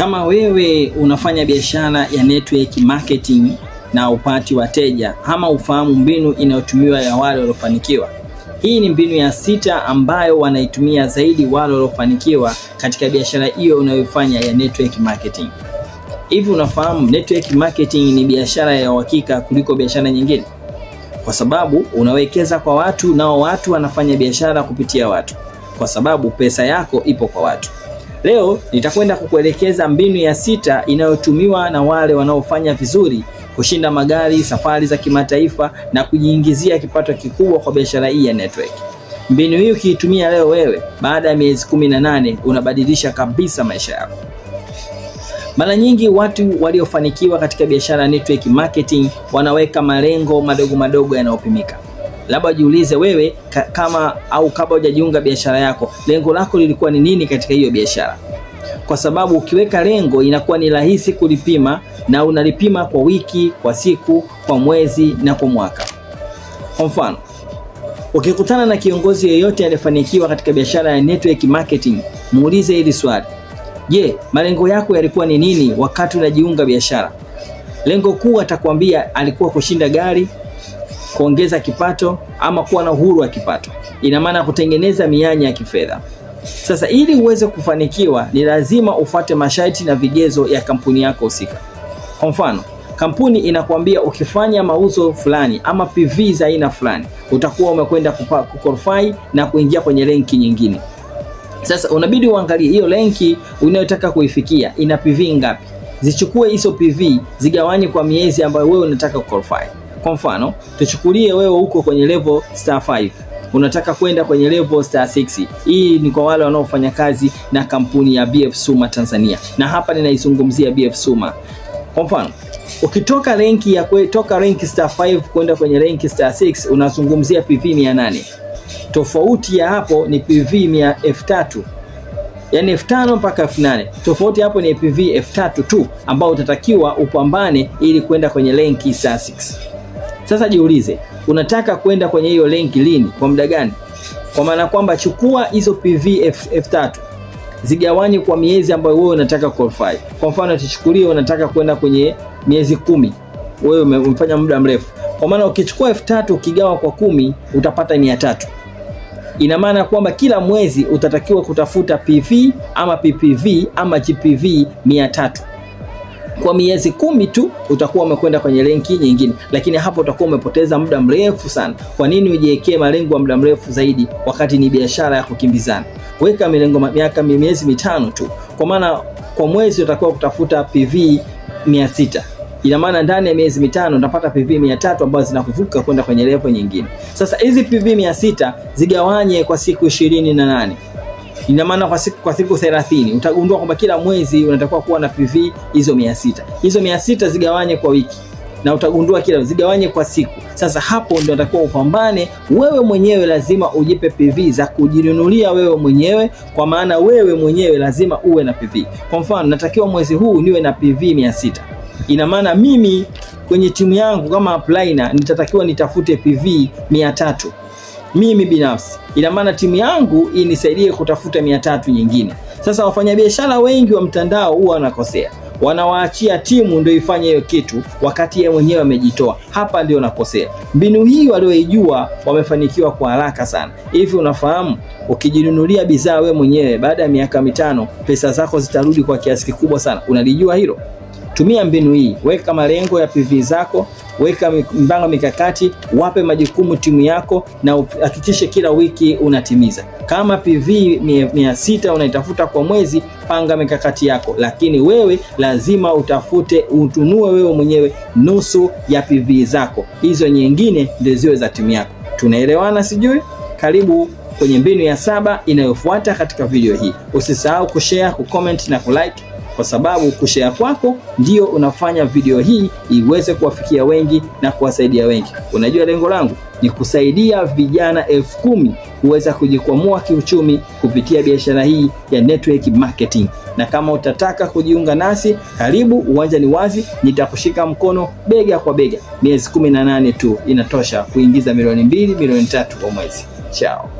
Kama wewe unafanya biashara ya network marketing na upati wateja ama ufahamu mbinu inayotumiwa ya wale waliofanikiwa. Hii ni mbinu ya sita ambayo wanaitumia zaidi wale waliofanikiwa katika biashara hiyo unayofanya ya network marketing. Hivi unafahamu network marketing ni biashara ya uhakika kuliko biashara nyingine, kwa sababu unawekeza kwa watu, nao watu wanafanya biashara kupitia watu, kwa sababu pesa yako ipo kwa watu. Leo nitakwenda kukuelekeza mbinu ya sita inayotumiwa na wale wanaofanya vizuri kushinda magari, safari za kimataifa na kujiingizia kipato kikubwa kwa biashara hii ya network. Mbinu hii ukiitumia leo, wewe baada ya miezi nane unabadilisha kabisa maisha yako. Mara nyingi watu waliofanikiwa katika biashara ya network marketing wanaweka malengo madogo madogo yanayopimika labda jiulize wewe ka, kama au kabla hujajiunga biashara yako, lengo lako lilikuwa ni nini katika hiyo biashara? Kwa sababu ukiweka lengo inakuwa ni rahisi kulipima, na unalipima kwa wiki, kwa siku, kwa mwezi na kwa mwaka. Kwa mfano, ukikutana na kiongozi yeyote aliyefanikiwa katika biashara ya network marketing, muulize hili swali: Je, malengo yako yalikuwa ni nini wakati unajiunga biashara? Lengo kuu atakwambia alikuwa kushinda gari, kuongeza kipato ama kuwa na uhuru wa kipato, ina maana kutengeneza mianya ya kifedha. Sasa ili uweze kufanikiwa, ni lazima ufate masharti na vigezo ya kampuni yako husika. Kwa mfano, kampuni inakuambia ukifanya mauzo fulani ama PV za aina fulani utakuwa umekwenda kuqualify na kuingia kwenye renki nyingine. Sasa unabidi uangalie hiyo renki unayotaka kuifikia ina PV ngapi, zichukue hizo PV zigawanye kwa miezi ambayo wewe unataka kuqualify. Kwa mfano tuchukulie wewe uko kwenye level star 5 unataka kwenda kwenye level star 6. Hii ni kwa wale wanaofanya kazi na kampuni ya BF Suma Tanzania, na hapa ninaizungumzia BF Suma. Kwa mfano ukitoka rank ya kutoka rank star 5 kwenda kwenye rank star 6 unazungumzia PV 800. Tofauti ya hapo ni PV 3000 yaani 5000 mpaka 8000. Tofauti hapo ni PV 3000 tu ambao utatakiwa upambane ili kwenda kwenye renki star 6. Sasa jiulize, unataka kwenda kwenye hiyo link lini, kwa muda gani? Kwa maana kwamba chukua hizo PV F3 zigawanye kwa miezi ambayo wewe unataka qualify. Kwa mfano tichukulie, unataka kwenda kwenye miezi kumi, wewe umefanya muda mrefu. Kwa maana ukichukua elfu ukigawa kwa kumi utapata mia tatu. Ina maana kwamba kila mwezi utatakiwa kutafuta PV ama PPV ama GPV mia tatu kwa miezi kumi tu utakuwa umekwenda kwenye renki nyingine, lakini hapo utakuwa umepoteza muda mrefu sana. Kwa nini ujiwekee malengo ya muda mrefu zaidi wakati ni biashara ya kukimbizana? Weka milengo miaka miezi mitano tu, kwa maana kwa mwezi utakuwa kutafuta PV 600 ina maana ndani ya miezi mitano utapata PV 300 ambazo zinakuvuka kwenda kwenye level nyingine. Sasa hizi PV 600 zigawanye kwa siku ishirini na nane. Ina maana kwa siku kwa siku 30 utagundua kwamba kila mwezi unatakiwa kuwa na PV hizo 600. Hizo 600 zigawanye kwa wiki na utagundua kila zigawanye kwa siku. Sasa hapo ndio unatakiwa upambane wewe mwenyewe, lazima ujipe PV za kujinunulia wewe mwenyewe, kwa maana wewe mwenyewe lazima uwe na PV. Kwa mfano, natakiwa mwezi huu niwe na PV 600. Ina maana mimi kwenye timu yangu kama upliner nitatakiwa nitafute PV 300 mimi binafsi, ina maana timu yangu inisaidie kutafuta mia tatu nyingine. Sasa wafanyabiashara wengi wa mtandao huwa wanakosea, wanawaachia timu ndio ifanye hiyo kitu, wakati yeye mwenyewe amejitoa. Hapa ndio nakosea. Mbinu hii walioijua wamefanikiwa kwa haraka sana. Hivi unafahamu ukijinunulia bidhaa wewe mwenyewe, baada ya miaka mitano pesa zako zitarudi kwa kiasi kikubwa sana. Unalijua hilo? Tumia mbinu hii, weka malengo ya PV zako, weka mpango mikakati, wape majukumu timu yako na hakikishe kila wiki unatimiza. Kama PV mia sita unaitafuta kwa mwezi, panga mikakati yako, lakini wewe lazima utafute, utunue wewe mwenyewe nusu ya PV zako, hizo nyingine ndio ziwe za timu yako. Tunaelewana sijui? Karibu kwenye mbinu ya saba inayofuata katika video hii. Usisahau kushare, kucomment na kulike kwa sababu kushare kwako ndio unafanya video hii iweze kuwafikia wengi na kuwasaidia wengi. Unajua lengo langu ni kusaidia vijana elfu kumi kuweza kujikwamua kiuchumi kupitia biashara hii ya network marketing. Na kama utataka kujiunga nasi, karibu, uwanja ni wazi, nitakushika mkono bega kwa bega. Miezi 18 tu inatosha kuingiza milioni mbili, milioni tatu kwa mwezi. Chao.